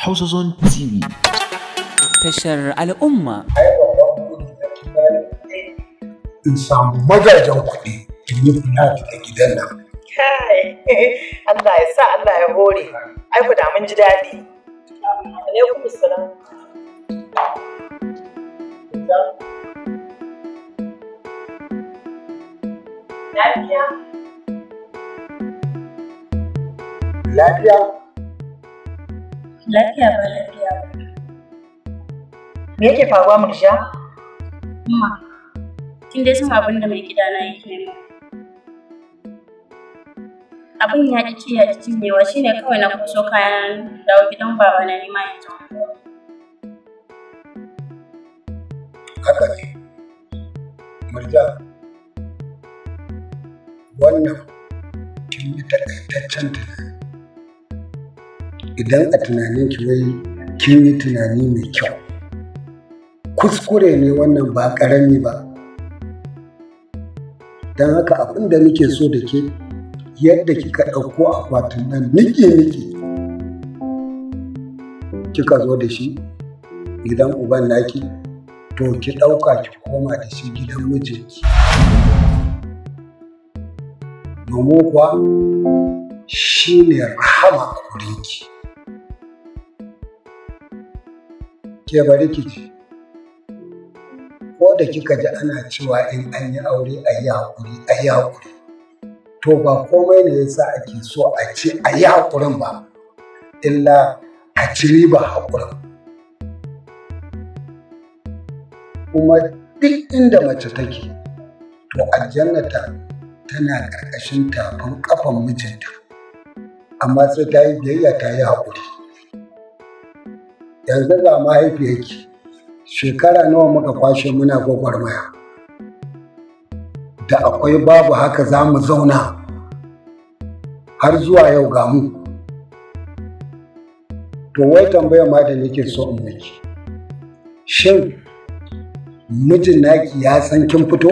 حصص تي في تشر على أمة انسى مدى جوقي يمكن أن تجدنا الله يسعى الله يا بوري أيها دعمان جدادي عليكم السلام لا يا لا يا Lafiya ba lafiya. ba. Me yake faruwa Murja? Amma, kin dai san abinda da mai gidana yake nema. Abin ya ƙi ci ya ƙi shi ne kawai na kuso kayan dawo gidan baba na nema yanzu. Haka ne. Murja, wannan kin yi takaitaccen tunani. idan a tunanin ki wai kin yi tunani mai kyau kuskure ne wannan ba ƙarami ba don haka abin da nake so da ke yadda kika ɗauko akwatin nan miki Ki kika zo da shi gidan uban naki to ki ɗauka ki koma da shi gidan mijinki domin kuwa shi ne rahama a ki. ke bari ki ko da kika ji ana cewa in an yi aure a yi haƙuri a yi haƙuri to ba komai ne yasa ake so a ce a yi haƙurin ba illa a ci riba haƙurin kuma duk inda mace take to aljannata tana ƙarƙashin tafin ƙafan mijinta amma sai ta yi biyayya ta yi haƙuri yanzu ga mahaifiyarki shekara nawa muka kwashe muna gwagwarmaya da akwai babu haka za mu zauna har zuwa yau ga mu to wai tambayar ma da nake so in miki shin mijin naki ya san kin fito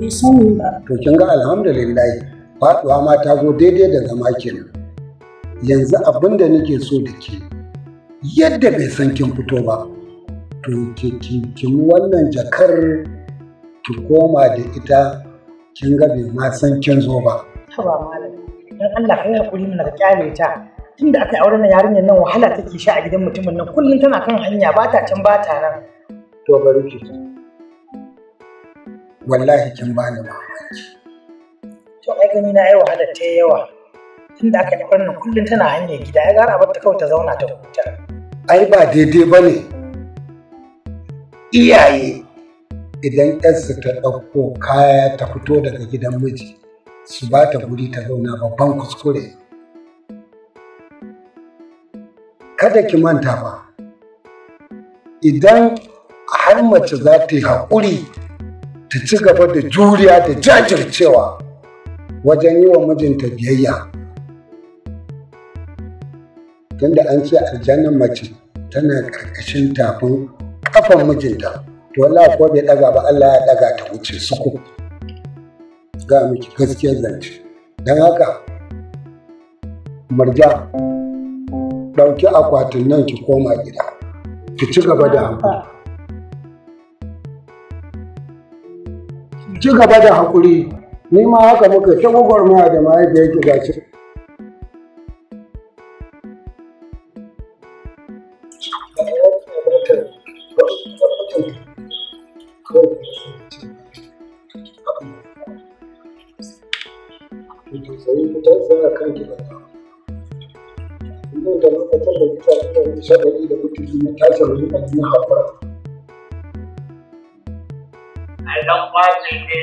to kin ga alhamdulillah faduwa ma ta zo daidai da zama kenan yanzu abinda da nake so da ke yadda bai san kin fito ba to kin wannan jakar ki koma da ita kin ga bai ma san kin zo ba ba malam dan Allah kai hakuri mun ga kyale ta tunda aka aure na yarinyar nan wahala take sha a gidan mutumin nan kullum tana kan hanya ba ta can ba ta nan to bari ki wallahi kin bani mamaki to ai gani na ai wahala ta yawa tunda aka aure nan kullum tana hanyar gida ya gara ba ta kawai ta zauna ta huta ai ba daidai ba ne iyaye idan ƴarsu ta ɗauko kaya ta fito daga gidan miji su ba ta guri ta zauna babban kuskure kada ki manta ba idan har mace za ta yi haƙuri ta ci gaba da juriya da jajircewa wajen yi wa mijinta biyayya tunda an ce aljannan mace tana ƙarƙashin tafin kafan mijinta to wallahi ko bai daga ba Allah ya daga ta wuce su suku ga miki gaskiyar zance don haka marja ɗauki akwatin nan ki koma gida ki ci gaba da haƙuri ci gaba da haƙuri ni ma haka muka ta gwagwarmaya da mahaifiyar ki gaci da shagari da mutuki na tashin rika na haƙura. A nan kwace ne,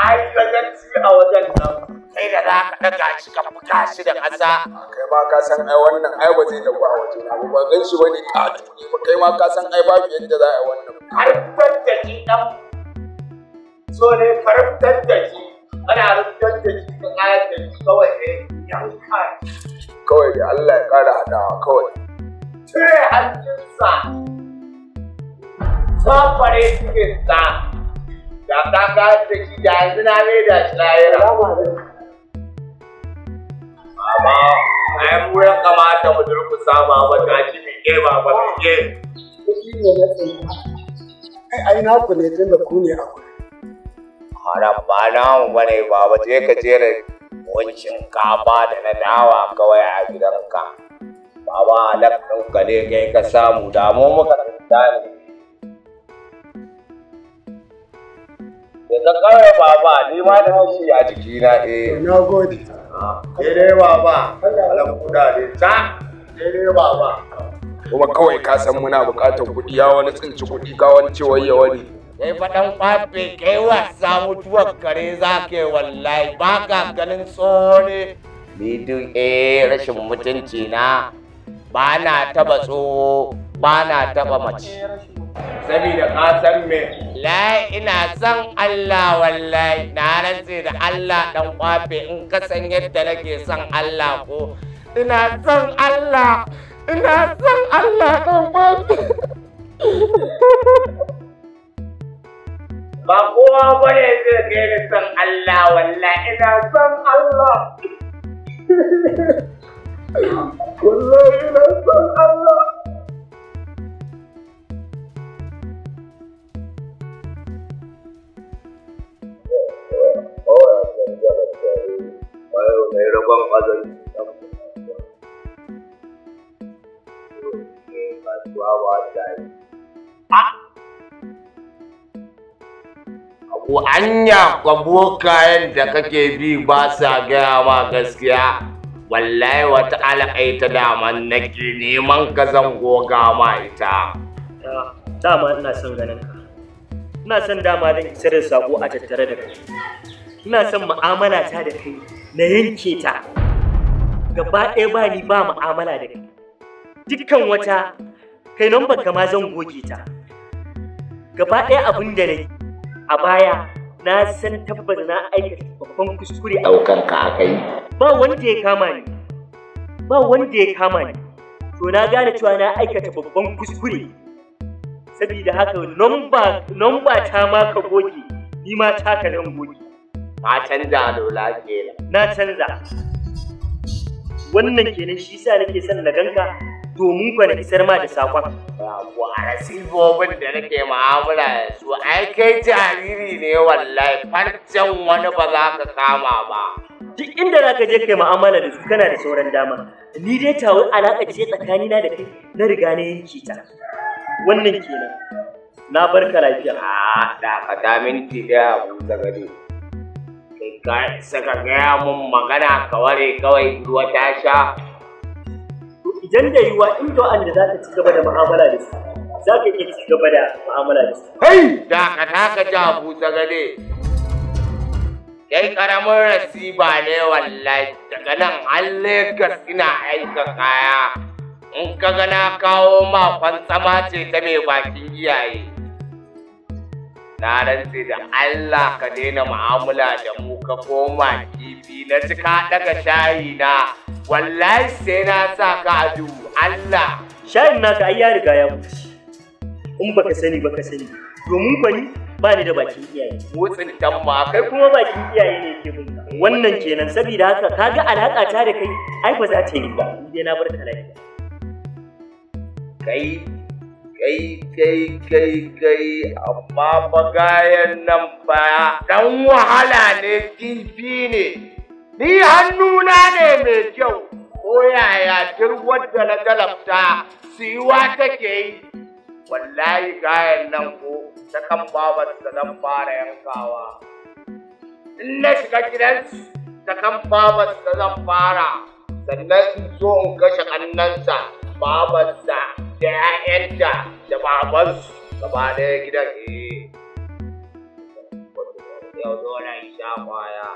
a sagarci a wajen nan. Sai da za ka ɗaga shi ka fita shi da ƙasa. Kai ma ka san ai wannan ai ba zai tafi a waje na ba zan shi wani a tuni ba kai ma ka san ai ba babu yadda za a yi wannan. Ai da shi ɗan so ne farfar da shi ana rufar da shi ka ƙayar da shi kawai ne yanka. Kawai da Allah ya ƙara haɗawa kawai. cire hancinsa safare cikinsa da ta kayar da shi da yanzu na mai da kamata mu durkusa ma mata shi mai ke ba ba mai ke. Kuɗi ne na naku ne a kuɗi. ba namu ba ne ba, ba je ka jera buhun shinkafa da na dawa kawai a gidanka. ba ma lafin ka ne kai ka samu damu muka da ne da kawai baba ni ma da haushi a jikina eh na gode daidai ah, baba alam kuda ne ta daidai baba kuma kawai ka san muna buƙatar kuɗi ya wani tsinci kuɗi ka wani cewa ya wani kai faɗan kwafe kai wasa mutuwar kare za ka yi wallahi ba ka ganin tsohon ne ni eh rashin mutunci na ba na taba tsoho ba na taba mace saboda ka san me lai ina san Allah wallahi na rantse da Allah dan kwafe in ka san yadda nake san Allah ko ina san Allah ina san Allah dan kwafe ba kowa ba ne zai gani san Allah wallahi ina san Allah wallahi na san Allah anya kayan da kake bi ba sa gaya ma gaskiya. wallahi wata alaƙai ta daman nake neman ka zango ma ita ah, dama ina son ganin ka ina son dama zan isa da sako a tattare da kai ina son mu'amala ta da kai na yanke ta gaba ɗaya ba ni ba mu'amala da kai dukkan wata kai nan baka ma zan goge ta gaba ɗaya abin da na a baya na san tabbas na aikata babban kuskure a ka aka yi ba wanda ya kama ni ba wanda ya kama ni to na gane cewa na aikata babban kuskure saboda haka nomba ta ma ka goge ni ma ta ka nan goge na canza da lafiya na canza wannan kenan shi sa nake son na ganka domin ku isar ma da sakon. Wara sifofin da nake ma'amala da su ai kai jariri ne wallahi farcen wani ba za ka kama ba. Duk inda za ka je kai ma'amala da su kana da sauran dama. Ni dai tawo alaƙa ce tsakanina da kai na riga na yanke ta. Wannan kenan. Na barka lafiya. A da ka ta minti da Abuja gari. Kai ka saka gaya mun magana ka ware kawai ruwa ta sha. idan da yiwa in da wa'anda za ka ci gaba da mu'amala da su za ka iya ci gaba da mu'amala da su. Hai! da ka taka ja busa gane. Kai karamin rasiba ne wallahi daga nan halle Legas ina aika kaya. In ka gana kawo ma tsama ce ta mai bakin iyaye. na rantse da Allah ka daina mu'amala da mu ka koma kifi na ci ka daga shayi na wallahi sai na sa ka adu Allah shayin naka ai ya riga ya mutu in baka sani baka sani domin kwani ba ni da bakin iyaye motsin dan kai kuma bakin iyaye ne ke mun wannan kenan saboda haka kaga alaka ta da kai ai ba za ta yi ba dai na bar ta lafiya kai kai kai kai kai amma fa nan baya dan wahala ne kifi ne ni hannuna ne mai kyau ko yaya duk wadda na galabta siwa take yi wallahi kayan nan ko ta kan babar ta zan fara yankawa in na shiga su ta kan babar ta zan fara sannan in zo in kashe kannansa babarsa da 'ya'yanta da babansu gaba ɗaya gidan eh yau dole in sha kwaya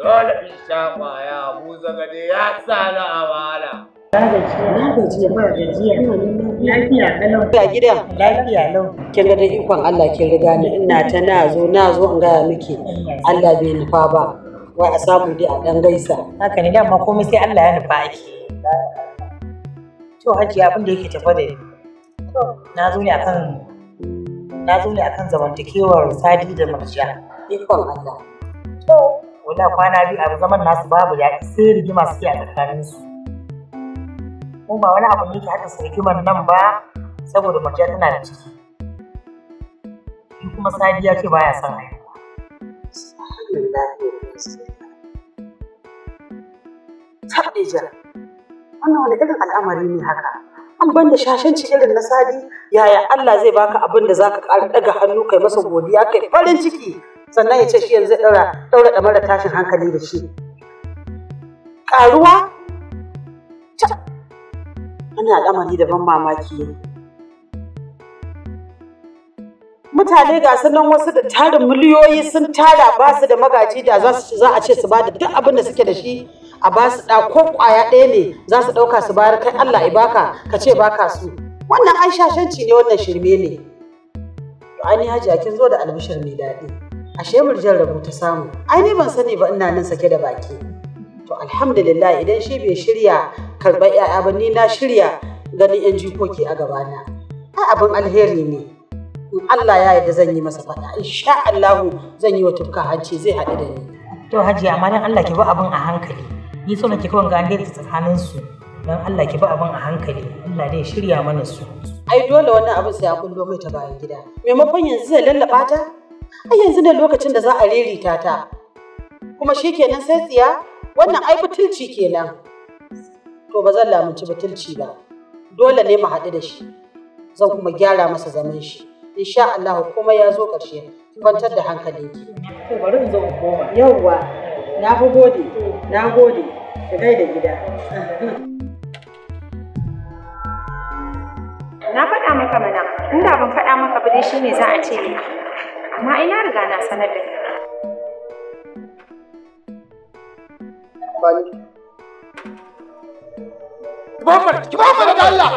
dole in sha kwaya mu zagade ya sa na amana na gaji ba gajiya lafiya kalau lafiya lafiya lau kin ga da ikon Allah kin riga ni ina ta na zo na zo in gaya miki Allah bai nufa ba wai a samu dai a dan gaisa haka ne dama komai sai Allah ya nufa ake To hajiya abin da yake tafa da ni. Na zo ne akan na zo ne akan zamantakewar Sadi da marciya Ikon Allah. To wala kwana biyu a zaman nasu babu ya sai rigima suke a tsakanin su. Ko ba wani abu ne ke haɗa rigimar nan ba saboda marciya tana da ciki. kuma Sadi ya ce baya son haihuwa. Alhamdulillah. Taɓe jira. wannan wani irin al'amari ne haka an ban da shashanci irin na sadi yaya Allah zai baka abin da zaka ƙara daga hannu kai masa godiya kai farin ciki sannan ya ce shi yanzu daura daura da mara tashin hankali da shi karuwa ana al'amari da ban mamaki mutane ga sunan wasu da tarin miliyoyi sun tara ba su da magaji da za a ce su ba da duk abin da suke da shi a ba su ko kwaya ɗaya ne za su ɗauka su bayar kai Allah ya baka ka ce baka su wannan ai shashanci ne wannan shirme ne to yi hajiya kin zo da albishir mai daɗi ashe murjan rabu ta samu ai ni ban sani ba ina nan sake da baki to alhamdulillah idan shi bai shirya karɓar 'ya'ya ba ni na shirya ganin 'yan jikoki a gabana ai abin alheri ne in Allah ya yarda zan yi masa faɗa insha Allahu zan yi wa tufka hanci zai haɗu da ni to hajiya amma dan Allah ki bi abin a hankali ni so kika kawai ga daidaita tsakanin su don Allah ki bi abin a hankali Allah dai shirya mana su ai dole wannan abun sai a kullo mai ta bayan gida maimakon yanzu zai lallaba ta ai yanzu ne lokacin da za a ririta ta kuma shi kenan sai tsiya wannan ai butulci kenan to ba zan lamunci butulci ba dole ne mu haɗu da shi zan kuma gyara masa zaman shi insha Allah kuma ya zo ƙarshe kwantar da hankalinki Ko bari in zo koma yawwa na fi gode na gode ki da gida na faɗa maka mana inda ban faɗa maka ba dai shine za a ce ni amma ina riga na sanar da ni Ki ba mu da Allah!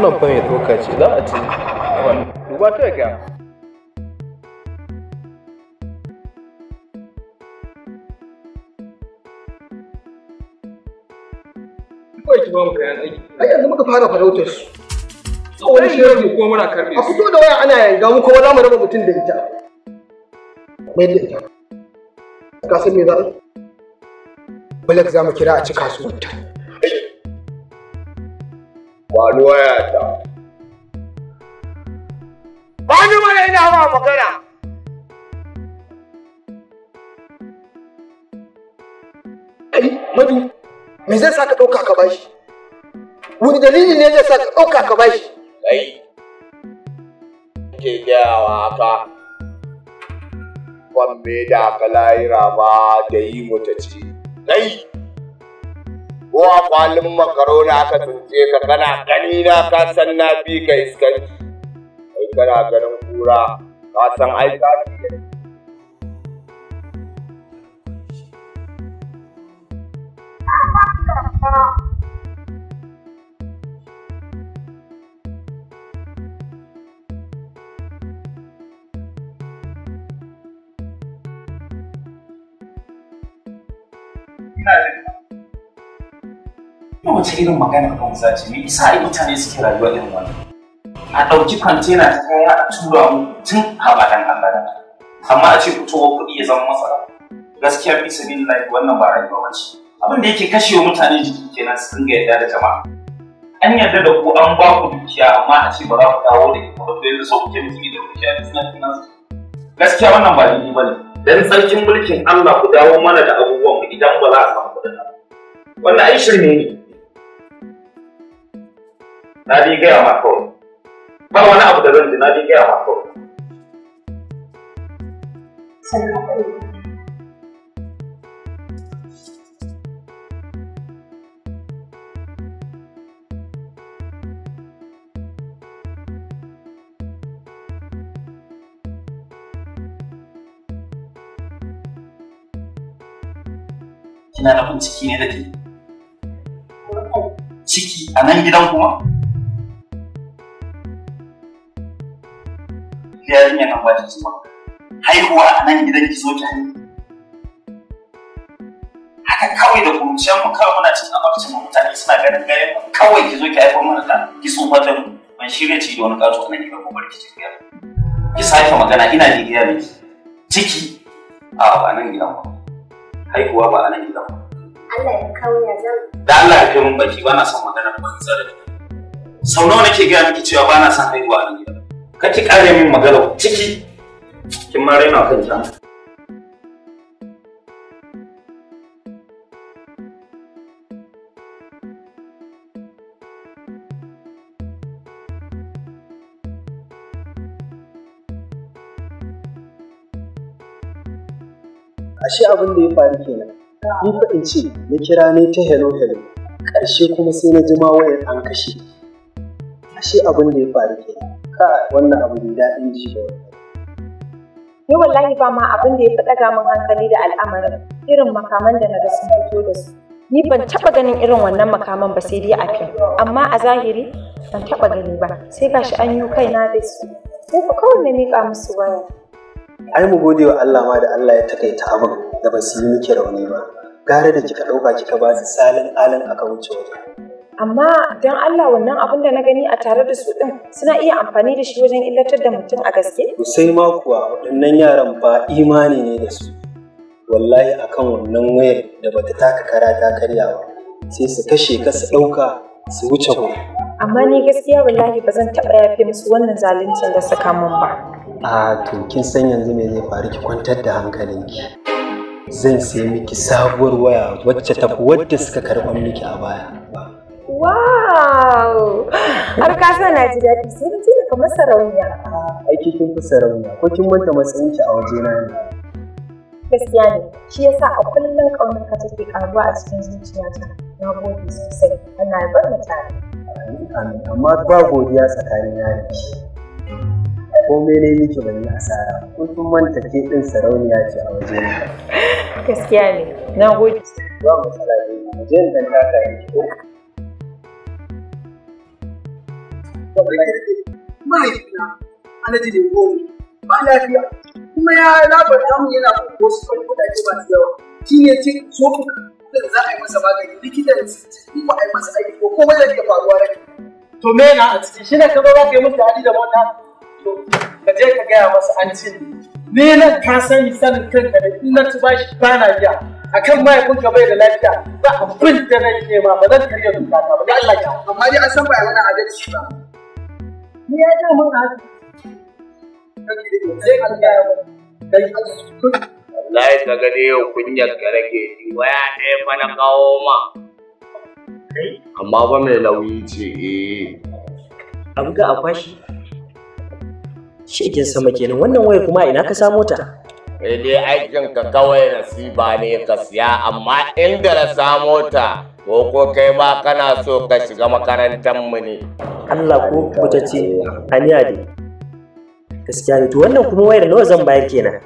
wannan fa mai tsoka ce za a ce duba ta ga kawai ki ai yanzu muka fara farautar su tsawon shirar mu kuma muna karbe a fito da waya ana yanga mu kuma za mu raba mutum da ita mai da ita ka san me za a Balak za mu kira a cika su wuta. ba ni wayata ba ni mana ina ma magana ai madu me zai sa ka ɗauka ka bashi wani dalili ne zai sa ka ɗauka ka bashi kai ke gayawa haka ban me da ka layira ba da yi mutaci kai ko a kwalin makarona aka tsince ka kana gani na ka san na fi ka iskanci ai kana ganin kura ka san ai ka kowace irin magana ka wuza ce me yasa ai mutane suke rayuwa irin wannan a ɗauki kwantena ta kaya a tura mu tun abadan abadan amma a ce fitowa kuɗi ya zama matsala gaskiya fi sabilin lafi wannan ba rayuwa ba ce abin da yake kashewa mutane jiki kenan su dinga yarda da jama'a an yarda da ku an ba ku dukiya amma a ce ba za ku dawo da ita ba da so kuke mutum da dukiya da suna tuna gaskiya wannan ba daidai ba ne dan tsarkin mulkin Allah ku dawo mana da abubuwan mu idan ba za a samu kuɗin wannan ai shirme ne na ji gaya ma kawai ba wani abu da zan ji na ji gaya ma kawai Kina da ciki ne da ke? Ciki a nan gidan kuma? ita yarinya nan ba ta zuwa haihuwa a nan gidan ki zo ki haka kawai da kuruciyar mu kawai muna cikin abarci mu mutane suna ganin gare mu kawai ki zo ki haifar mana da ki tsufa ta mu ban shirya ci da wani ƙato nan ki ga gobar ki tafiya ki sake magana ina ji gida miki ciki a ba nan gidan ba haihuwa ba a nan gidan ba Allah ya kawo ya zan da Allah ya kai mun baki ba na son magana ban zara da sau nawa nake gaya miki cewa ba na son haihuwa a nan gidan ka ci kare min magana ciki kin ma raina kan ta ashe abin da ya faru kenan ni fa in ce na kira ne ta hello hello ƙarshe kuma sai na ji wayar an kashe ashe abin da ya faru kenan ka wannan abu ne daɗin ji ba ni wallahi ba ma abin da ya fi ɗaga min hankali da al'amarin irin makaman da na ga sun fito da su ni ban taɓa ganin irin wannan makaman ba sai dai a fim amma a zahiri ban taɓa gani ba sai gashi an yi kaina da su sai ku kawai na miƙa musu waya ai mu gode wa Allah ma da Allah ya takaita abin da ba su yi miki rauni ba gara da kika ɗauka kika ba su salin alin aka wuce amma don Allah wannan abin da na gani a tare da su din suna iya amfani da shi wajen illatar da mutum a gaske sai ma kuwa waɗannan yaran ba imani ne da su wallahi akan wannan wayar da bata taka kara ta karya ba sai su kashe ka su ɗauka su wuce ku amma ni gaskiya wallahi ba zan taɓa yafe musu wannan zaluncin da suka mun ba a to kin san yanzu me zai faru ki kwantar da hankalinki zan sai miki sabuwar waya wacce tafi wadda suka karɓar miki a baya Wow! Har ka na ji daɗi sai na ji kamar sarauniya. Aiki kin fi sarauniya ko kin manta matsayin a waje na ne. Gaskiya ne, shi yasa a kullum kaunar ka take karuwa a cikin zuciyata. Na gode sosai, Allah ya bar mu tare. Amin, amma ba godiya tsakanin yare. Komai ne miki ban yi asara, ko kin manta ke ɗin sarauniya ce a waje na. Gaskiya ne, na gode. Ba matsala ne, mu je in ɗan taka yanki ko? da barkirki mahaifina alaji ne goma ba lafiya kuma ya labarta mu yana wasu kan kudaje masu yawa shi ne ce so da za a yi masa magani likitan ciki ba a yi masa aiki ko komai da ke faruwa da to me na a cikin shi ne ka zo za ka yi musu daɗi da wannan? to ka je ka gaya masa an ce ni nan ka sani sanin kanka da in na tuba shi ba na biya akan mahaifinka bai da lafiya ba abin da nake ma ba zan karya dukata ba da Allah ya amma dai an san ba yana adalci ba ni ya ce mun haka sai ka ga dan wallahi ka ga dai ji kawo ma amma mai ce eh. akwai wannan waya kuma ina ka samo ta dai aikin ka kawai nasiba ne ka siya amma in na samo ko ko kai ma kana so ka shiga makarantar mu ne Allah ko mutu ce aniya dai gaskiya ne to wannan kuma wayar nawa zan bayar kenan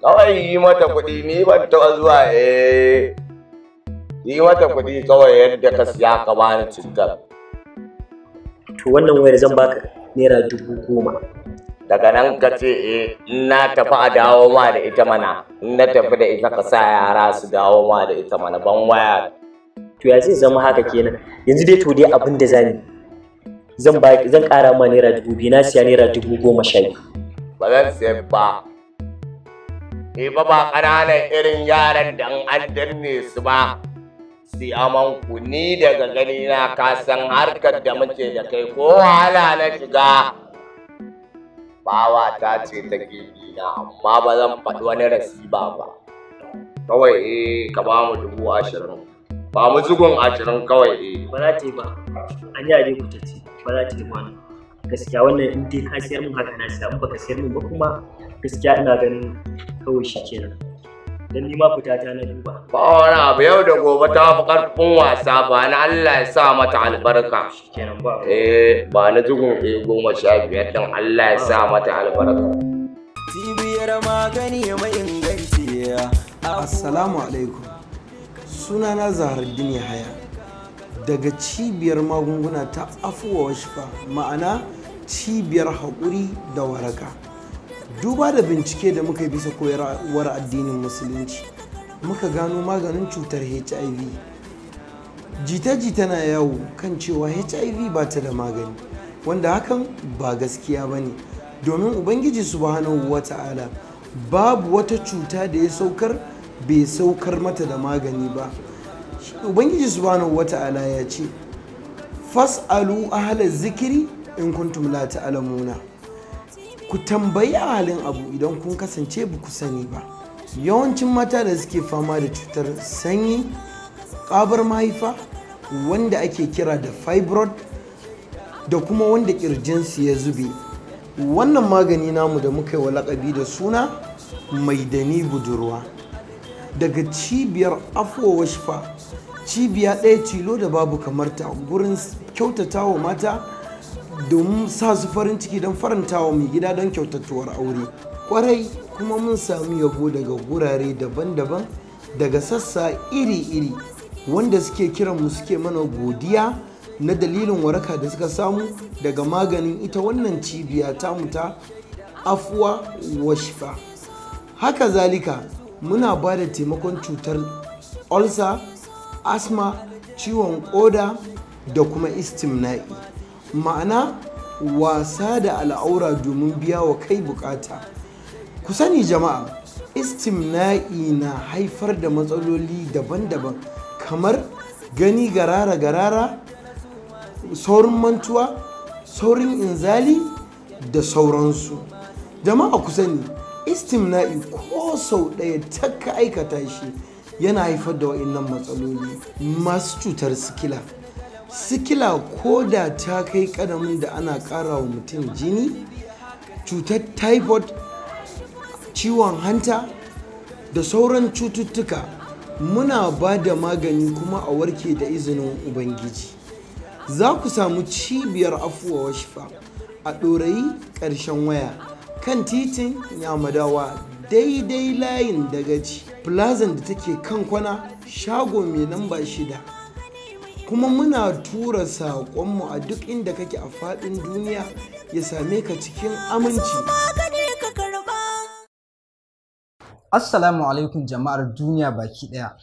kawai yi mata kuɗi ni ban taɓa zuwa eh yi mata kuɗi kawai yadda ka siya ka bani cutar to wannan wayar zan baka naira dubu goma daga nan ka ce eh na tafi a dawo ma da ita mana in na tafi da ita ka sa yara su dawo ma da ita mana ban waya to ya zai zama haka kenan yanzu dai to dai abin da zani zan ba zan ƙara ma naira dubu biyu na siya naira dubu goma sha ba zan siya ba e ba ba ƙananan irin yaran da an danne su ba si aman ku ni daga gani na ka san harkar da muke da kai ko wahala na shiga bawa ta ce ta gidi na amma ba zan faɗi wani rasiba ba kawai eh ka ba mu dubu ashirin ba mu a jirin kawai eh ba za ta yi ba an yi aje ce ba za ta yi ba gaskiya wannan in dai ka siyar min haka na siya in baka siyar min ba kuma gaskiya ina ganin kawai shi kenan dan ni ma fita ta na duba ba wani abu yau da gobe ta fi karfin wasa ba na Allah ya sa mata albarka kenan ba eh ba na zugun eh goma sha biyar din Allah ya sa mata albarka tibiyar magani mai inganci assalamu alaikum sunana din yahaya daga cibiyar magunguna ta afuwa washfa ma'ana cibiyar haƙuri da waraka duba da bincike da muka yi bisa koyarwar addinin musulunci muka gano maganin cutar hiv jita-jita na yawo kan cewa hiv ba ta da magani wanda hakan ba gaskiya ba ne domin ubangiji subhanahu wata'ala babu wata cuta da ya saukar bai saukar mata da magani ba ubangiji subhanahu wata'ala ya ce fas'alu ahla zikiri in kuntum la ta'lamuna ku tambayi halin abu idan kun kasance ba ku sani ba yawancin mata da suke fama da cutar sanyi ƙabar mahaifa wanda ake kira da fibroid da kuma wanda ƙirjinsu ya zube wannan magani namu da muka yi wa lakabi da suna mai dani budurwa daga cibiyar afuwa washfa cibiya ɗaya tilo da babu kamarta gurin kyautata wa mata domin sa su farin ciki don faranta wa mai gida don kyautatuwar aure kwarai kuma mun samu yabo daga gurare daban-daban daga sassa iri-iri wanda suke kiranmu suke mana godiya na dalilin waraka da suka samu daga maganin ita wannan cibiya tamu ta afuwa washifa haka zalika muna ba da taimakon cutar olsa asma ciwon koda da kuma istimna'i ma'ana wasa da al'aura domin biya wa kai bukata ku sani jama'a istimna'i na haifar da matsaloli daban-daban kamar gani garara-garara saurin mantuwa saurin inzali da sauransu jama'a ku sani istimna'i ko sau ɗaya takka aikata shi yana haifar da wa'innan matsaloli masu cutar sikila sikila ko da ta kai kadamin da ana ƙara wa mutum jini cutar typhoid ciwon hanta da sauran cututtuka muna ba da magani kuma a warke da izinin ubangiji za ku samu cibiyar afuwa shifa a ɗorayi ƙarshen waya kan titin yamadawa daidai layin da gaji plazan da take kan kwana shago mai lamba shida kuma muna tura saƙonmu a duk inda kake a faɗin duniya ya same ka cikin aminci assalamu alaikum jama'ar duniya baki ɗaya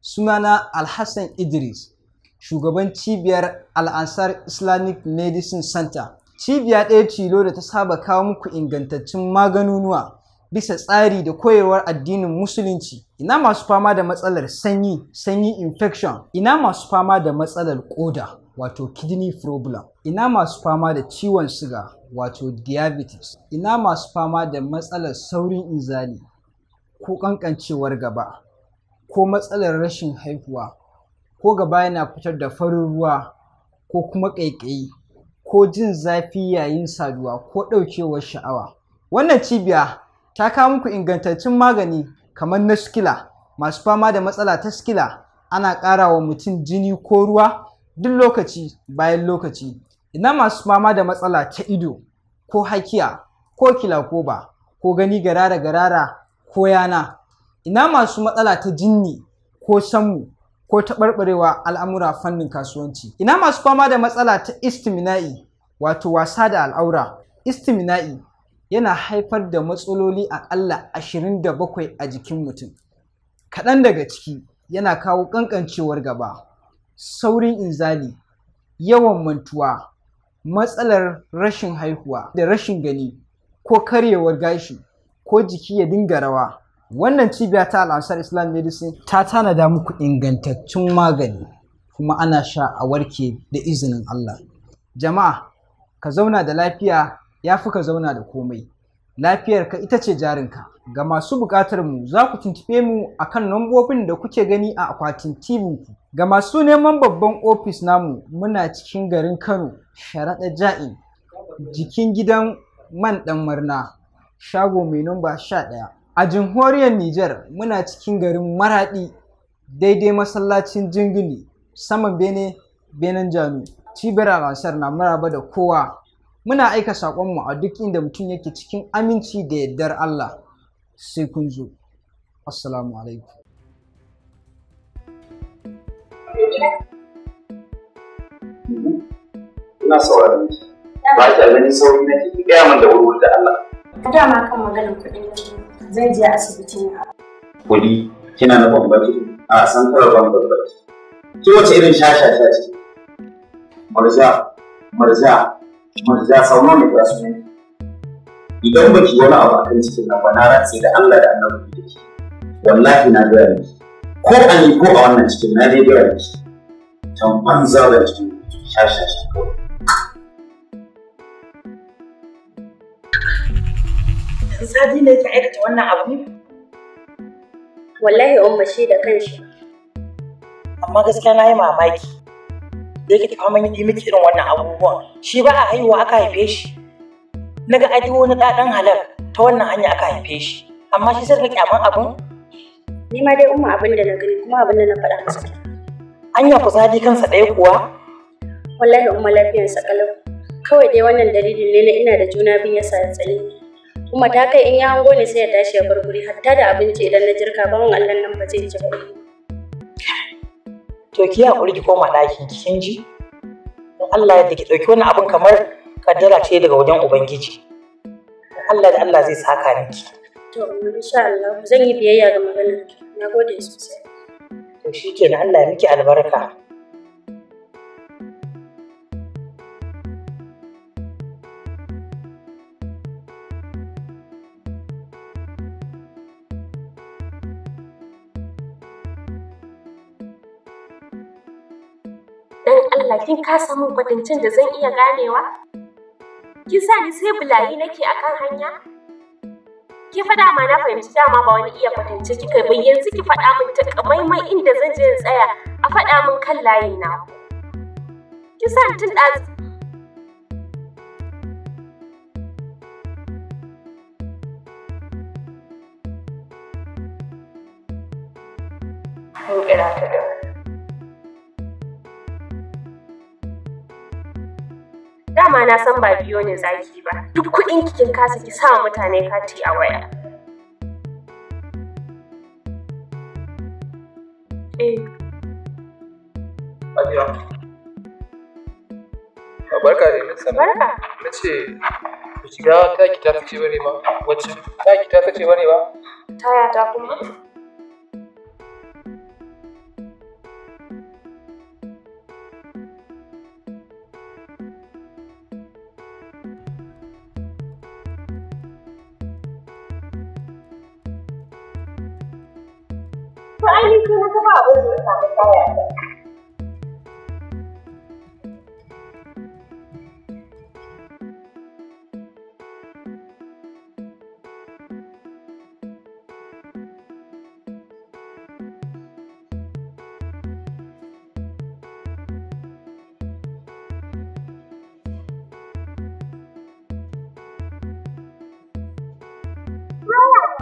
sunana alhassan idris shugaban cibiyar al'ansar islamic medicine center cibiya ɗaya tilo da ta saba kawo muku ingantaccen maganunuwa bisa tsari da koyarwar addinin musulunci ina masu fama da matsalar sanyi sanyi infection ina masu fama da matsalar koda wato kidney problem ina masu fama da ciwon siga wato diabetes ina masu fama da matsalar saurin inzali ko kankancewar gaba ko matsalar rashin haihuwa ko gaba yana fitar da farin ruwa ko kuma ƙaiƙayi ko jin zafi yayin saduwa ko ɗaukewar sha'awa. Wannan cibiya ta kawo muku ingantaccen magani kamar na sikila masu fama da matsala ta sikila ana ƙara wa mutum jini ko ruwa duk lokaci bayan lokaci. Ina masu fama da matsala ta ido ko hakiya ko kilakoba ko gani garara garara ko yana. Ina masu matsala ta jinni ko sammu ko taɓarɓarewa al'amura fannin kasuwanci. Ina masu fama da matsala ta istimina'i wato wasa da al'aura. Istimina'i yana haifar da matsaloli a aƙalla ashirin da bakwai a jikin mutum. Kaɗan daga ciki yana kawo ƙanƙancewar gaba, saurin inzali, yawan mantuwa, matsalar rashin haihuwa da rashin gani ko karyewar gashi ko jiki ya dinga rawa. Wannan cibiya ta Al'asar Islam Medicine ta tanada muku ingantaccen magani kuma ana sha a warke da izinin Allah. Jama'a, ka zauna da lafiya ya fi ka zauna da komai. Lafiyar ka ita ce jarinka. Ga masu buƙatar mu za ku tuntuɓe mu a kan lambobin da kuke gani a akwatin TV Ga masu neman babban ofis namu muna cikin garin Kano, sharaɗa ja'in, jikin gidan man ɗan murna, shago mai numba sha ɗaya. A jamhuriyar Nijar muna cikin garin Maraɗi daidai masallacin Jingili saman bene benen Janu. Cibiyar gasar na maraba da kowa. Muna aika saƙonmu a duk inda mutum yake cikin aminci da yardar Allah. Sai kun zo. Assalamu alaikum. Ina sauraron ki. Ba ki ganin sauri na ki gaya min da wurwuri da Allah. Ka dama kan maganin kuɗin nan. Zai je asibitin kuɗi kina na bambaci a san kawai ban bambaci ki wace irin shasha ta ce marza marza marza sauna ne ba su idan ba ki wani abu akan cikin nan ba na rantse da Allah da annabi da ke wallahi na gaya miki ko a ni ko a wannan cikin na dai gaya miki can banza da cikin shasha shi kawai sadi ne yake aikata wannan abu wallahi umma shi da kanshi amma gaskiya na yi mamaki da yake tafa mani miki irin wannan abubuwan shi ba a haihuwa aka haife shi na ga adi wani ɗaɗan halal, ta wannan hanya aka haife shi amma shi sai ka kyaman abu. ni ma dai umma abin da na gani kuma abin da na faɗa masa anya ku sadi kansa ɗaya kuwa wallahi umma lafiyarsa kalau kawai dai wannan dalilin ne na ina da juna biyu ya sa tsali kuma ta kai in ya hango ne sai ya tashi ya bar guri hatta da abinci idan na jirka bawan Allah nan ba zai ci ba to ki ya ki koma ɗakin ki kin ji in Allah ya ki ɗauki wani abin kamar kaddara ce daga wajen ubangiji in Allah da Allah zai saka miki to insha Allah zan yi biyayya ga maganar ki nagode sosai to shikenan Allah ya miki albarka Allah ka samu min kwatancin da zan iya ganewa? Ki sa ni sai bulayi nake akan hanya? Ki faɗa ma na fahimci dama ba wani iya kwatance kika bai yanzu ki faɗa min takamaiman inda zan je in tsaya a faɗa min kan layin na. Ki sa tun ɗazu Who na san ba biyo ne zaki ba duk kuɗin kikin kasa ki sa mutane kati a waya eh Adiya. Ah, barka da sana barka na ce shiga taki ta fice bane ba wacce taki ta fice bane ba taya ta kuma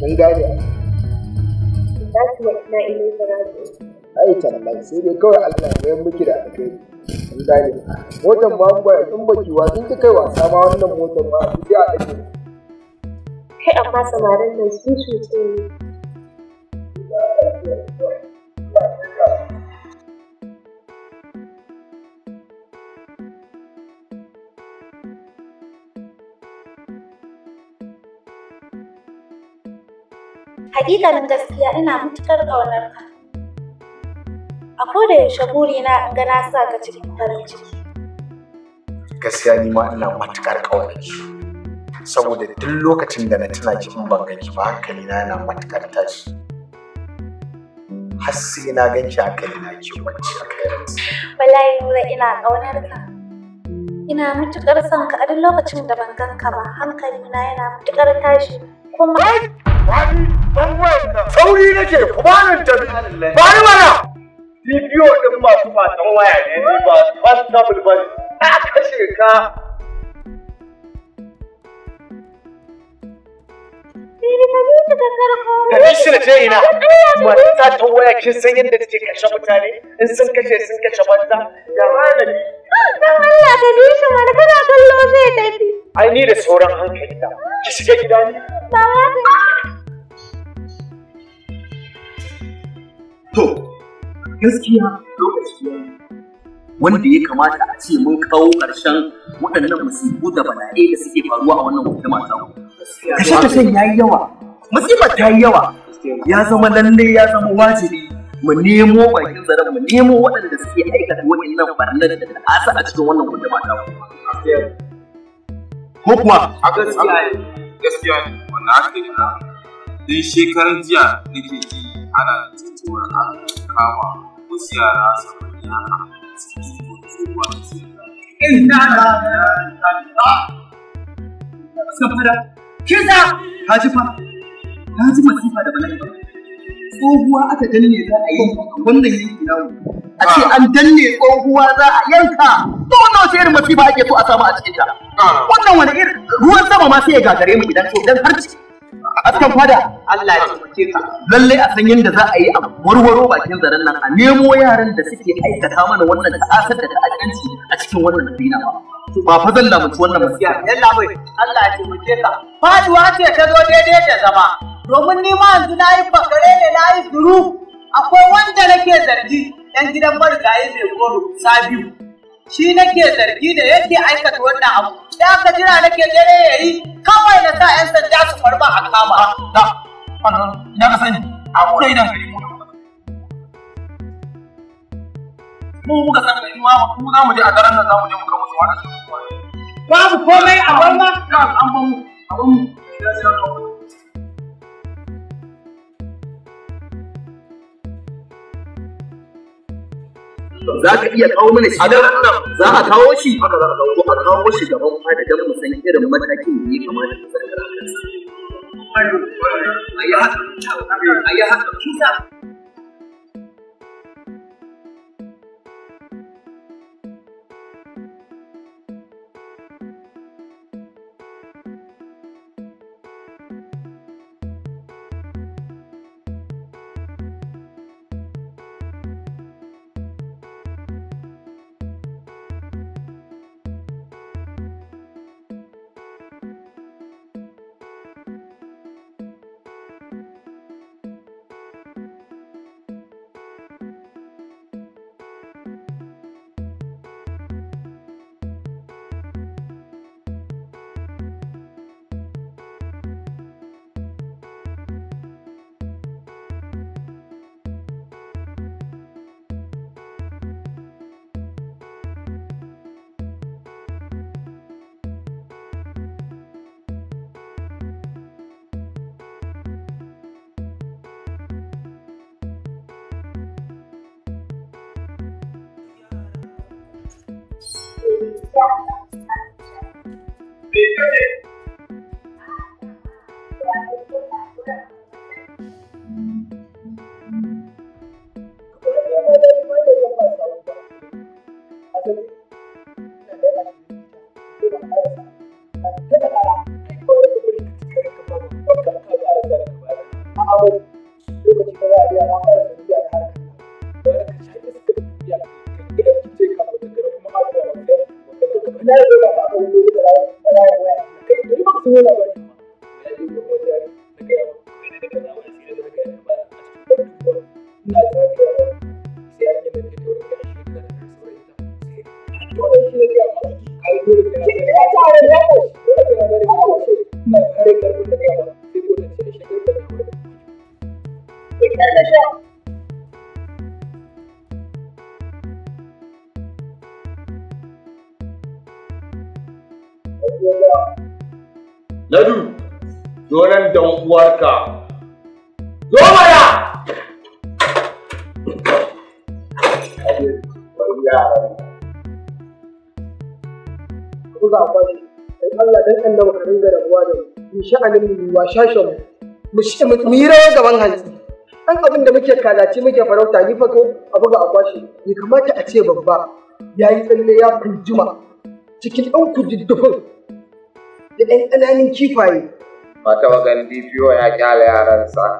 kin gane ta kuma ina ilmi karatu ai tallahi sai dai kawai Allah ya muke da alheri kun gane motar ma ba in baki wa in kai wasa ma wannan motar ma sai a dake kai amma samarin nan sun cuce ne Haƙiƙanin gaskiya ina matuƙar ƙaunar ka. A koda yaushe burina ga na sa ka cikin farin ciki. Gaskiya ni ma ina matuƙar ƙaunar ki. Saboda duk lokacin da na tuna cikin ban ganki ba hankali na yana matuƙar tashi. Har sai na ganki hankali na ke wacce a kai Wallahi Nura ina ƙaunar ka. Ina matuƙar son ka a duk lokacin da ban ganka ba hankali na yana matuƙar tashi. Kuma. nake ku bani tafi bani mana bidiyo din masu fatan waya ne ba su ba ne a kashe ka Kamishina ce ina, mata ta waya kin san yadda take kashe mutane in sun kashe sun kashe banza da malami. Don Allah ka shi mana kana kallo zai tafi. Ai ni da sauran hankali ta, ki shiga gida ne. Ba To, gaskiya lokaci ya wanda ya kamata a ce mun kawo ƙarshen waɗannan musibu da ɗaya da suke faruwa a wannan wata mata. Kashe kashen ya yi yawa, musibar ta yi yawa, ya zama lalle ya zama wajibi mu nemo bakin tsaron, mu nemo waɗanda suke aikata waɗannan barnar da ta'asa a cikin wannan wata mata. Ko kuwa? A gaskiya ne, gaskiya ne, wannan haka ne. Din shekaran jiya nake ji ana cewar an kama wasu yara saboda yana cikin tsohuwa da su ina da safara kisa haji fa haji masifa da bala'i tsohuwa aka danne za a yanka wannan yanki nawo a ce an danne tsohuwa za a yanka to wannan wace irin masifa ake so a samu a cikin ta ah. wannan wani irin ruwan sama ma sai ya gagare mu idan so idan har ciki askan fada Allah ya taimake ka lalle a san yadda za a yi a warwaro bakin zaren nan a nemo yaran da suke aikata mana wannan ta'asar da ta'addanci a cikin wannan dina ba ba fa zan lamunci wannan masiya yalla bai Allah ya taimake ka faduwa ce ta zo daidai da zama domin ni ma yanzu na yi fakare ne na yi duru akwai wanda nake zargi dan gidan marigayi mai goro sabiu shi nake zargi da yake aikata wannan abu da aka jira nake dare ya yi kawai na sa 'yan sanda su farba a kama. Da, ina ka sani, a mura idan gari mu. Mu muka san gari ma mu za mu je a daren nan za mu je mu muka musu wani. Babu komai a wannan? Ka an ban mu, a ban mu. za ka iya kawo mana shi za a kawo shi to a kawo shi gaban fada da mu san irin matakin da ya kamata ka tsara kansa yi haka yi haka kisa Ladu, nan dan uwarka. Zo mana! Ku za ku bari, sai Allah dan ɗan da baka ringa rabuwa da mu sha'anin mu wa shashin mu shi mu yi rawar gaban hantsi. Ɗan abin da muke kalaci muke farauta ni fa ko abu ga akwashi bai kamata a ce babba ya yi tsalle ya kunjuma cikin ɗan kududdufin da ɗan ƙananin kifaye. Mata wagan DPO ya ƙyale yaransa.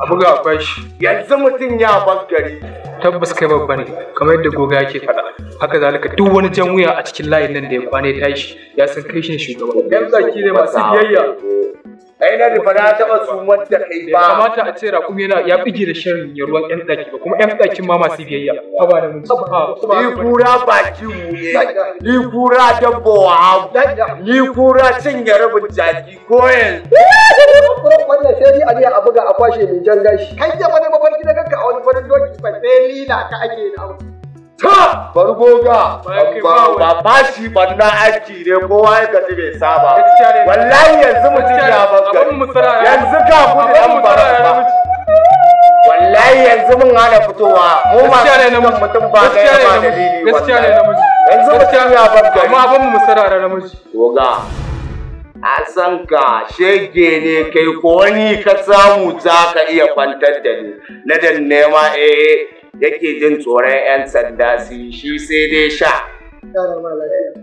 A buga kwashi, yanzu mutum ya gari. Tabbas kai babba ne, kamar yadda goga yake faɗa. Haka zalika duk wani jan wuya a cikin layin nan da ya kwane shi, ya san kai shi ne shugaban. Yan zaki ne masu biyayya. ai na rufa na taɓa tsumar da kai ba kamata a ce raƙum yana ya bige da shirin ya ƴan ɗaki ba kuma ƴan ɗakin ma masu biyayya da ni kura baki mu ni kura dabba wa ni kura cin ya rabin jaki ko yanzu wannan sai ni ne a buga a kwashe mai jan gashi kai ya bane mafarki na ganka a wani farin doki ba sai lila ka ake na ta bargoga ba bashi banna aiki ne kowa ya gaji bai saba wallahi yanzu mutum ya bangare yanzu ka kudi an bara wallahi yanzu mun hana fitowa mu ma mutum ba da yawa dalili gaskiya ne yanzu mutum ya bangare amma abin mu sarara namiji goga a san ka shege ne kai ko wani ka samu za ka iya kwantar da ni na dan nema eh yake jin tsoron 'yan sanda su yi shi sai dai sha.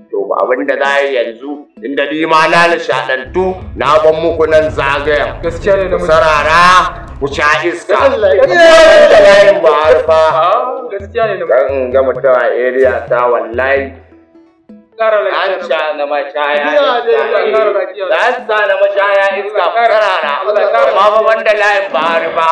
To ba abin da za yi yanzu inda ni ma na nishaɗantu na ban muku nan zagaya. Gaskiya ne da sarara ku sha iska. da layin ba harfa. ba. Gaskiya ne da mutum. in ga mutum a area ta wallahi. An sha na mashaya iska. An sha na mashaya iska sarara. Ba ba wanda layin ba har ba.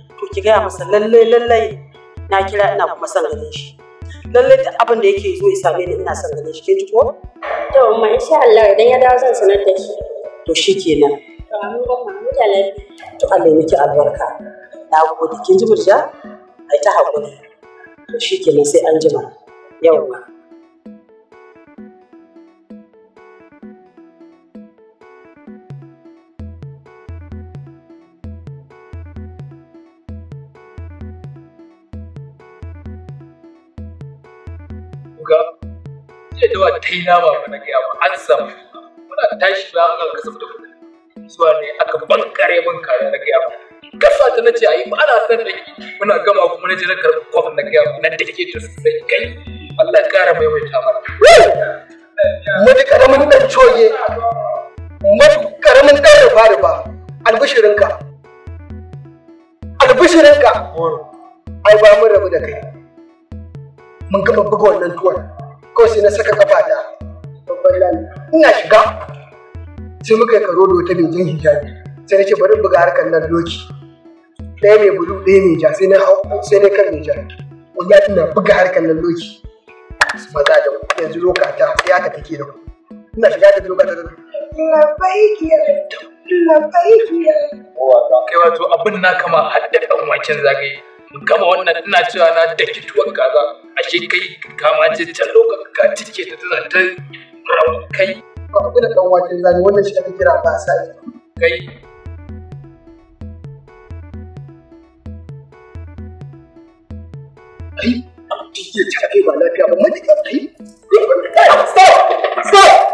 to ki gaya masa lallai lallai na kira ina kuma son ganin shi lallai duk abin da yake zo ya same ni ina son ganin shi ke ji ko to amma insha Allah idan ya dawo zan sanar da shi to shikenan to amin ba mu da lafiya to Allah ya albarka na gode kin ji murja ai ta hakuri to shikenan sai an jima yawwa jiya da ba ta yi nama ba na gaya ba an samu muna tashi ba an kasaf da kuɗi zuwa ne aka bankare min kaya na gaya ba kasa ta nace ayi ba ana san da muna gama kuma na je na karɓi kwaf na gaya na dake ta sai kai Allah ya kara mai mai tamar mutu karamin dan coge mutu karamin dan rufa rufa albishirinka albishirinka ai ba mun rabu da kai mun gama buga wannan tuwon kawai sai na saka kafa ta babban lami ina shiga sai muka yi karo da wata mai jin hijabi sai na ce bari buga harkar nan doki ɗaya mai bulu ɗaya mai ja sai na hau sai na kan mai ja wallahi ina buga harkar nan doki maza da yanzu ta sai haka take da ina shiga da lokata da labaikiyar labaikiyar kai wato abin na kama hadda ɗan wakin zagaye gama wannan ina cewa na daki tuwon kaza ashe kai kama ce can lokacin ka cike da tana ta rabu kai ba ku da dan waken zani wannan shi ake kira ba sai kai ai abin da ke ba lafiya ba mai kai stop stop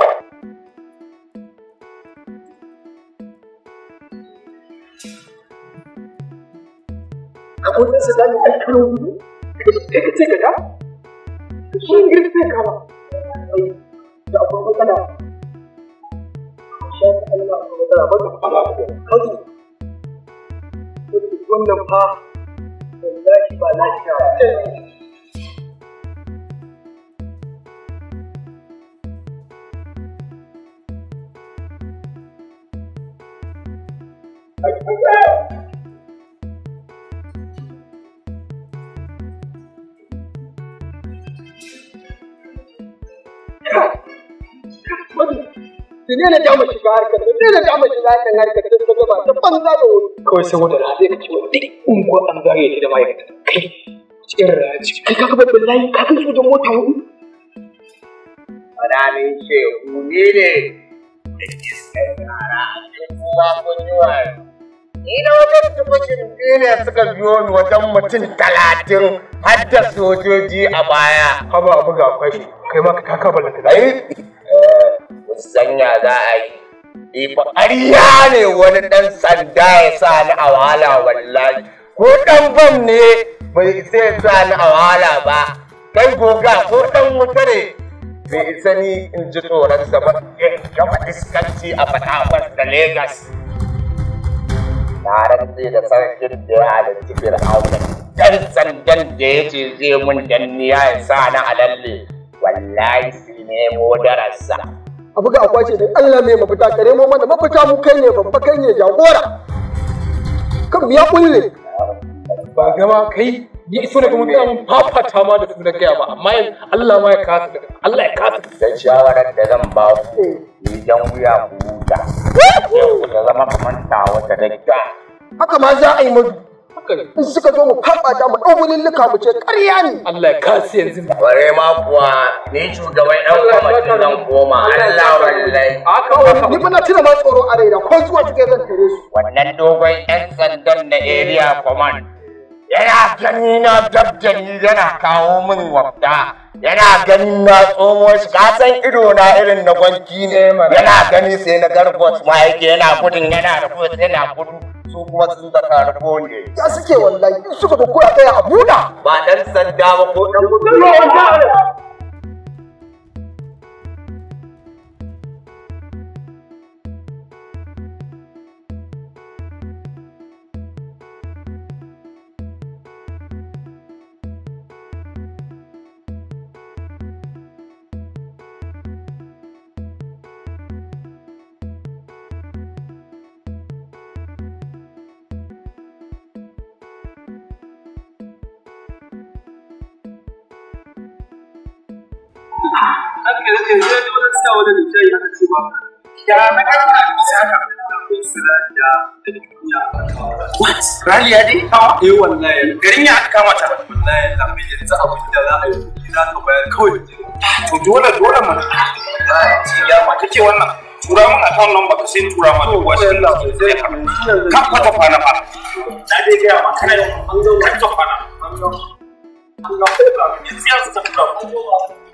a wajen sa dami ɗan karo hudu kai ka ce ka ga shi zai kama da akwai matsala shi fara ba kaji wannan fa wallahi ba lafiya Thank you. ki daina ta mu shiga harkar ki daina da mu shiga harkar harkar ta ta gaba ta banza da wuri kawai saboda na zai ka ci wani duk ko an zage shi da ma'aikata kai cikin raji kai ka kabar billahi ka kai su da mota hudu Alamin ne ne yara Ni na wajen tumashin ne suka biyo ni wajen mutum talatin har da sojoji a baya. Haba abu ga kwashi, kai ma ka kaka balanta da sanya za a yi Ifa ƙarya ne wani ɗan sanda ya sa ni a wahala wallahi ko ɗan bam ne bai isa ya sa ni a wahala ba kai goga ko ɗan wuta ne bai isa ni in ji tsoronsa ba gama eh, iskanci a fatakwar da Legas. Taron zai da sarkin da ya halarci ɗan sandan da ya ce zai mun danniya ya sa ni a lalle wallahi su nemo darasa. a buga a kwace don Allah mai mafita kare mu mana mafita mu kai ne babba kai ne jagora kan biya kulle ba gama kai ni iso ne kuma kai mun fafata ma da sunan kai ba amma Allah ma ya kasa Allah ya kasa da shawara da zan ba ku eh. ni dan wuya ku da zama kamar tawa da dakka haka ma za a yi mu in suka zo mu da mu ɗau wulilluka mu ce ƙarya ne Allah ka sai yanzu bare ma kuwa ni shugaban ɗan kwamitin zan koma Allah wallahi ni fa na tuna ma tsoro a raina ko zuwa cikin zan tare su wannan dogon ɗan sandan na area command yana gani na dabdani yana kawo min wafda yana gani na tsomo shi ka san ido na irin na gwanki ne eh, yana gani sai na garbot ma yake yana gudun yana da yana gudu su kuma sun tsaka rufo ne ya suke wallahi in suka ga koya kai a buɗa ba dan sanda ba ko dan mutum What? Raliya dai? Hawa? Eh wallahi. Garin ya aka kama ta. Wallahi Allah mai yanzu abin da za a yi kuɗi za ka bayar kawai. To dole mana. Ya ma kake wannan? Tura min a kan nan baka sai tura ma duk wasu Allah zai ka. Ka kwata fana fana. Na dai ga ma kana yin an zo ka fana. An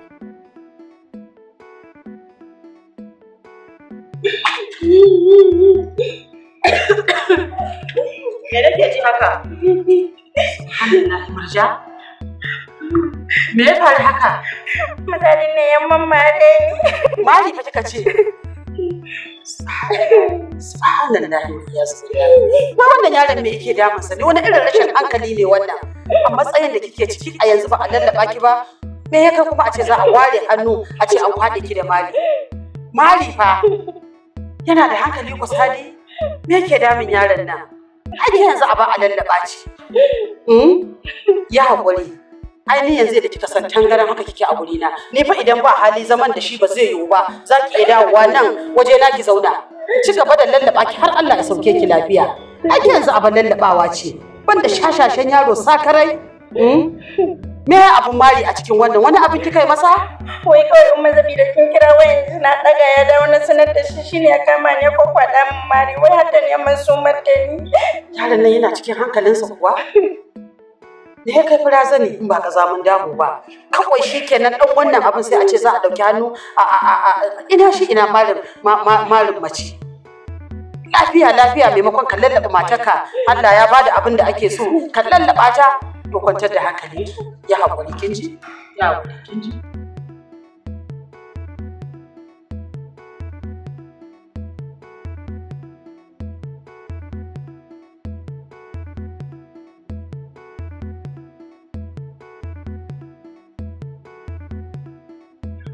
Me nake ji haka? Alhamdulillah murja. Me ya faru haka? Mazarin ne yan mamma ne. Mali fa kika ce. Subhanallah ya tsaya. Wai wannan yaron me yake damunsa ne? Wani irin rashin hankali ne wannan? A matsayin da kike ciki a yanzu ba a lallaba ki ba, me ya kai kuma a ce za a ware hannu a ce an kwaɗe ki da mali mali fa Yana da hankali ku sani Me yake damun yaron nan? Ai yanzu a ba a lallaba ce. Hmm? Ya haƙuri. Ai ni yanzu da kika san tangaran haka kike a gurina. Ni fa idan ba hali zaman da shi ba zai yiwu ba, za ki iya dawowa nan waje na ki zauna. Ci gaba da lallaba ki har Allah ya sauke ki lafiya. Ai yanzu a ba lallabawa ce. Banda shashashen yaro sakarai Hmm? Me abin mari a cikin wannan wani abin kika yi masa? Wai kawai in mazabi da kin kira wayan na daga ya da wani sanar da shi shine ya kama ne ko kwada min mari wai hadda neman su martani. Yaron nan yana cikin hankalinsa kuwa? Me ya kai fara zani in ba ka zamun damu ba. Kawai shi kenan dan wannan abin sai a ce za a dauki hannu a a a ina shi ina malam malam mace. Lafiya lafiya maimakon ka lallaɓa matarka Allah ya bada abin da ake so ka lallaɓa ta ya kwantar da hankali su ya haƙuri kinji ya haƙuri kinji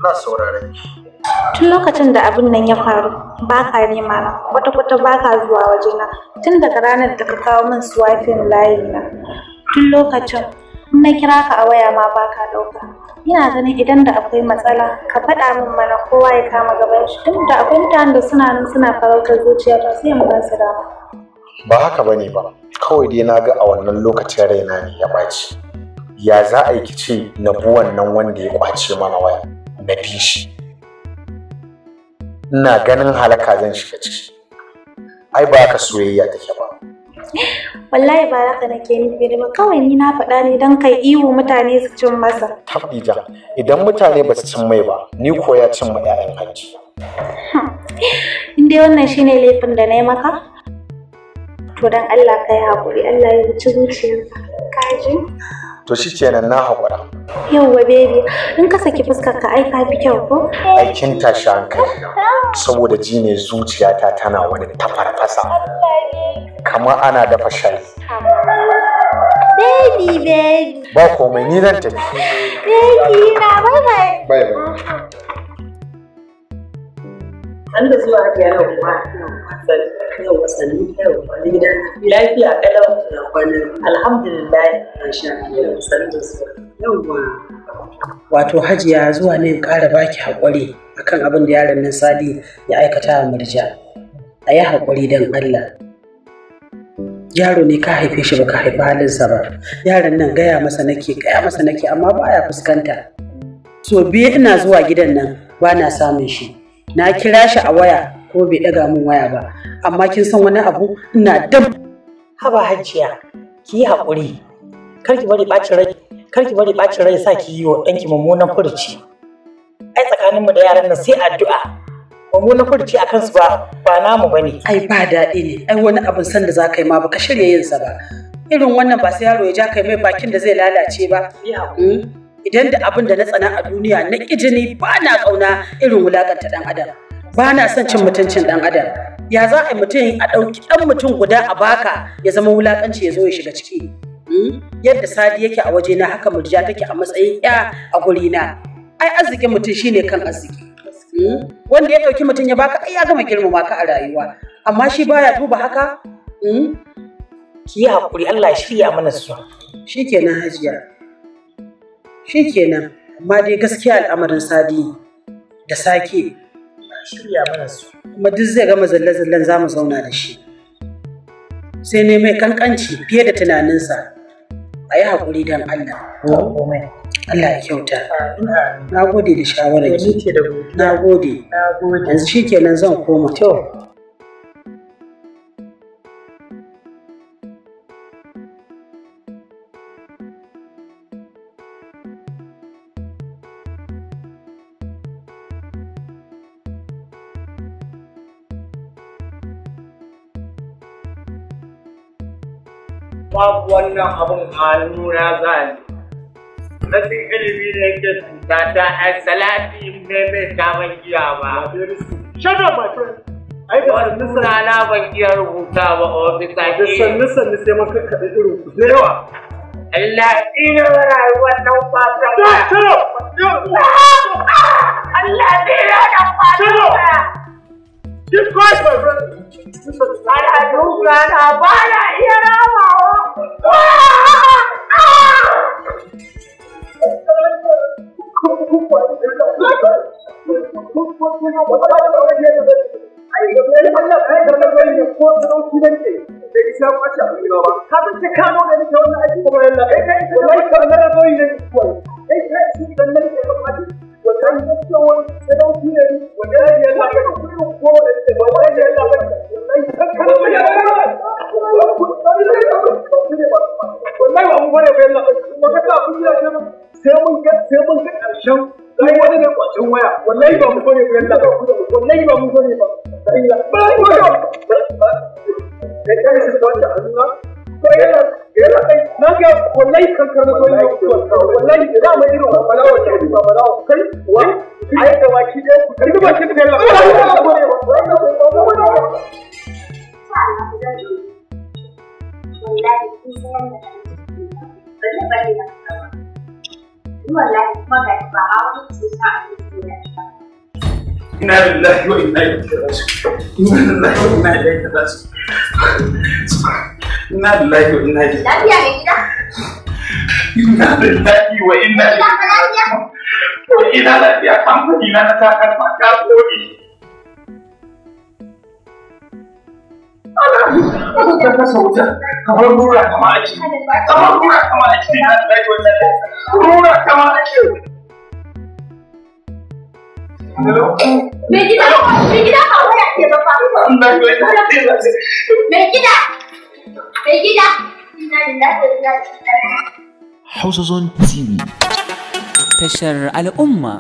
na saurare Tun lokacin da abin nan ya faru ba ka nema na kwata-kwata ba ka zuwa wajena tun daga ranar da ka kawo min swiping layi na Duk lokacin in na kira ka a waya ma ba ka ɗauka ina ganin idan da akwai matsala ka faɗa min mana kowa ya kama gaban shi tun da akwai mutanen da suna nan suna farautar zuciya ta sai mu ba su dama ba haka bane ba kawai dai na ga a wannan lokacin raina ne ya ɓaci ya za a yi kice na bi wannan wanda ya kwace mana waya na bi shi ina ganin halaka zan shiga ciki ai ba ka soyayya take ba wallahi ba haka nake nufi ba kawai ni na faɗa ne don kai ihu mutane su cin masa tabbija idan mutane ba su cin mai ba ni ko ya cin ma 'ya'yan hajji in wannan shine laifin da na yi maka to don allah ka yi haƙuri allah ya wuce zuciyarka kaji to shi kenan na haƙura. Yawwa baby, in ka saki fuskar ka ai fi kyau ko? Aikin tashi hankali saboda ji ne zuciyata tana wani tafarfasa. Kamar ana dafa shayi. Baby, baby. Ba komai ni zan tafi. Baby, na ba bye. Bye bye. An da zuwa biyar da kuma. yau wasanni yau wani gida lafiya kalau da kwanan alhamdulillah na sha yau sanin da yau yauwa wato hajiya zuwa ne ƙara baki haƙuri akan abin da yaron nan sadi ya aikata wa murja a yi haƙuri don allah yaro ne ka haife shi baka haifi halinsa ba yaron nan gaya masa nake gaya masa nake amma baya fuskanta so biye ina zuwa gidan nan ba na samun shi na kira shi a waya ko bai ɗaga min waya ba amma kin san wani abu ina dab haba hajjiya ki yi haƙuri kar ki bari ɓacin rai kar ki bari ɓacin rai sa ki yi wa ɗanki mummunan furuci ai tsakaninmu da yaran nan sai addu'a mummunan furuci a kansu ba ba namu ba ne ai ba daɗi ne ai wani abin san da za ka yi ma baka shirya yin sa ba irin wannan ba sai yaro ya ja kai mai bakin da zai lalace ba hmm? idan da abin da na tsana a duniya na ƙi jini ba na ƙauna irin wulakanta ɗan adam ba na son cin mutuncin ɗan adam ya za a yi mutum a ɗauki ɗan mutum guda a baka ya zama wulaƙanci ya zo ya shiga ciki hmm? yadda sadi yake a waje na haka murja take a matsayin ya a gurina ai arzikin mutum shine kan arziki hmm? wanda ya ɗauki mutum ya baka ai ya gama girmama ka a rayuwa amma shi baya duba haka hmm? ki yi haƙuri Allah ya mana su kenan hajiya kenan amma dai gaskiya al'amarin sadi da sake shirya mana su kuma duk zai gama zalle-zallen za mu zauna da shi sai ne mai kankanci fiye da tunaninsa a yi haƙuri don Allah. Allah ya kyauta. Na gode da shawarar Na gode. Yanzu shi kenan zan koma. babu wannan abun a nuna za yi. rashin ilimi ne ke cuta ta a ne mai kamar giya ba shut ba ba rana ban iya rubuta ba a ofisa ke da sannu sannu sai man kaɗi irin ku da yawa Allah dina rayuwar nan ta ba. Allah dina da ta ba. This Christ, my brother. I had no plan. I bought a year of Kadın çıkan o dedi ki onun ayı koyuyorlar. Evet, ayı koyuyorlar koyuyorlar. inna lillahi wa inna ilaihi lafiya ne gida inna lillahi wa inna ilaihi lafiya ina lafiya kamfani na na takar kodi kamar rura kama a ciki kamar rura kama a ciki na lillahi wa inna ilaihi rura kama a ciki eh, gida, gida gida. حصص تي في تشر الأمة